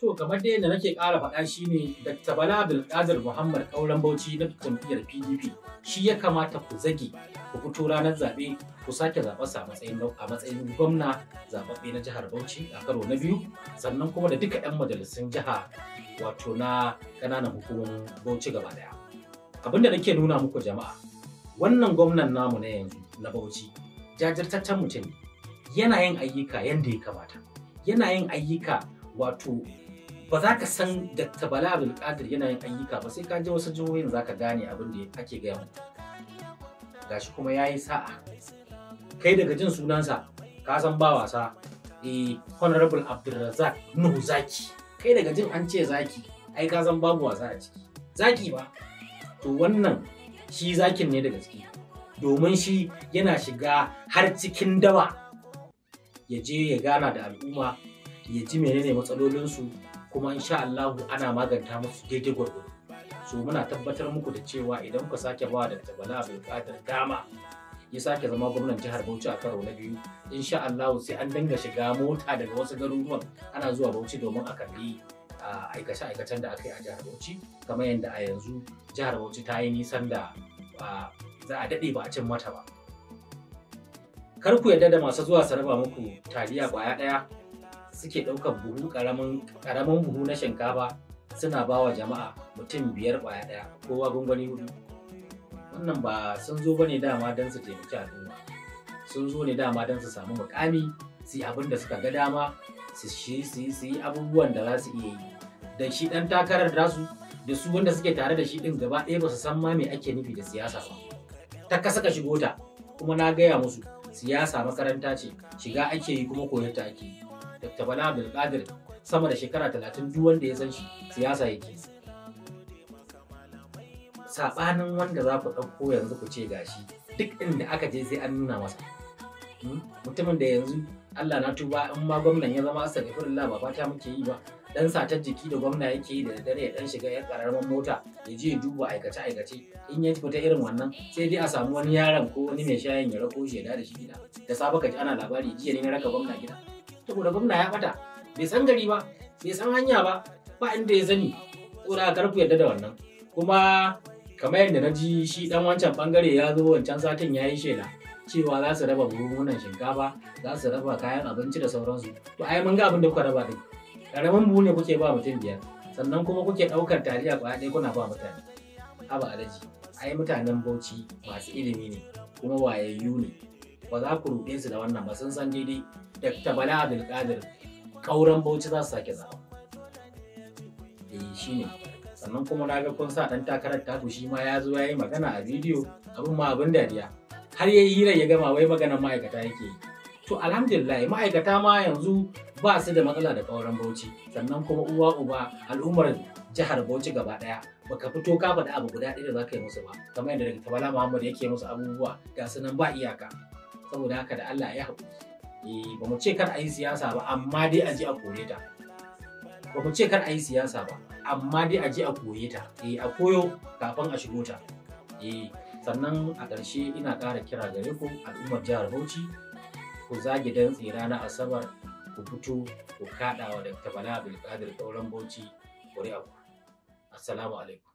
To kamar dai yadda nake ƙara faɗa shi ne Dr. Bala Abdulkadir Muhammad auren Bauchi na jam'iyyar PDP shi ya kamata ku zage ku fito ranar zaɓe ku sake zaɓarsa a matsayin a matsayin gwamna zaɓaɓɓe na jihar Bauchi a karo na biyu sannan kuma da duka 'yan majalisun jiha wato na ƙananan hukumomin Bauchi gaba ɗaya. Abinda nake nuna muku jama'a wannan gwamnan namu na yanzu na Bauchi jajirtaccen mutum ne yana yin ayyuka yadda ya kamata yana yin ayyuka wato ba za ka san Dr. Bala Abdulkadir yana yin ayyuka ba sai ka je wasu jihohin za ka gane abin da ake gaya mu. Gashi kuma yayi sa'a. Kai daga jin sunansa ka san ba wasa eh Honorable Abdulrazak Nuhu Zaki. Kai daga jin an ce zaki ai ka san babu wasa a ciki. Zaki ba. To wannan shi zakin ne daga ciki. Domin shi yana shiga har cikin dawa ya je ya gana da al'umma ya ji menene matsalolinsu kuma insha Allah ana maganta musu daidai gwargwado so muna tabbatar muku da cewa idan ku sake bawa da a bukatar dama ya sake zama gwamnan jihar Bauchi a karo na biyu insha Allah sai an dinga shiga mota daga wasu garuruwan ana zuwa Bauchi domin a kalli aikace-aikacen da aka yi a jihar Bauchi kamar yadda a yanzu jihar Bauchi ta yi nisan da za a daɗe ba a cin mata ba. Kar ku yarda da masu zuwa su raba muku taliya kwaya ɗaya suke ɗaukar buhu ƙaramin buhu na shinkafa suna ba wa jama'a mutum biyar ɓaya ɗaya kowa gwangwani hudu wannan ba sun zo ba dama don su taimaki al'umma sun zo ne dama don su samu mukami su yi abin da suka ga dama su yi abubuwan da za su iya yi da shi ɗan takarar da su da su wanda suke tare da shi ɗin gaba ɗaya ba su san ma me ake nufi da siyasa ba ta kasa ka shigo ta kuma na gaya musu siyasa makaranta ce shiga ake yi kuma koyarta ake yi Dr. Bala Abdulkadir sama da shekara talatin duk wanda ya san shi siyasa yake. Saɓanin wanda za ku ɗauko yanzu ku ce gashi duk inda aka je sai an nuna masa. Hmm? Mutumin da yanzu Allah na tuba in ma gwamnan ya zama asa gafirullah ba fata muke yi ba dan satar jiki da gwamna yake yi da dare ya dan shiga ya karamar mota ya je ya duba aikace aikace in ya fita irin wannan sai dai a samu wani yaron ko wani mai shayin ya rako shi ya da shi gida da safe ka ji ana labari jiya ne na raka gwamna gida saboda gwamna ya bata bai san gari ba bai san hanya ba ba inda ya zani da karku yadda da wannan kuma kamar yadda na ji shi dan wancan bangare ya zo wancan satin ya yi shaida cewa za su raba buhunan shinkafa za su raba kayan abinci da sauransu to ai mun ga abin da kuka raba din karamin buhu ne kuke ba mutum biyar sannan kuma kuke ɗaukar taliya ba dai kuna ba mutane haba alaji ai mutanen bauchi masu ilimi ne kuma wayayyu ne ba za ku ruɗe su da wannan ba sun san daidai ta Bala Abdulkadir kauran Bauchi za su sake zawa. Eh ne. sannan kuma na ga kun sa dan takarar taku shi ma ya zo ya yi magana a bidiyo abin ma abin dariya har ya yi hirar ya gama wai maganar ma'aikata yake yi. To alhamdulillah ma'aikata ma yanzu ba su da matsala da kauran Bauchi sannan kuma uwa uba al'ummar jihar Bauchi gaba ɗaya. baka fito ka faɗi abu guda ɗaya da za ka yi musu ba kamar yadda daga Tabala Muhammad yake musu abubuwa ga su nan ba iyaka saboda haka da Allah ya haƙuri eh, ba mu ce kar a yi siyasa ba amma dai a je a kore ta ba mu ce kar a yi siyasa ba amma dai a ji a koye ta eh, a koyo kafin a shigo ta eh, sannan a ƙarshe ina ƙara kira gare ku al'ummar jihar Bauchi ku zagi dan tsira na asabar ku fito ku kaɗawa da tabala bilkadir ɗauran Bauchi ƙuri'a ku assalamu alaikum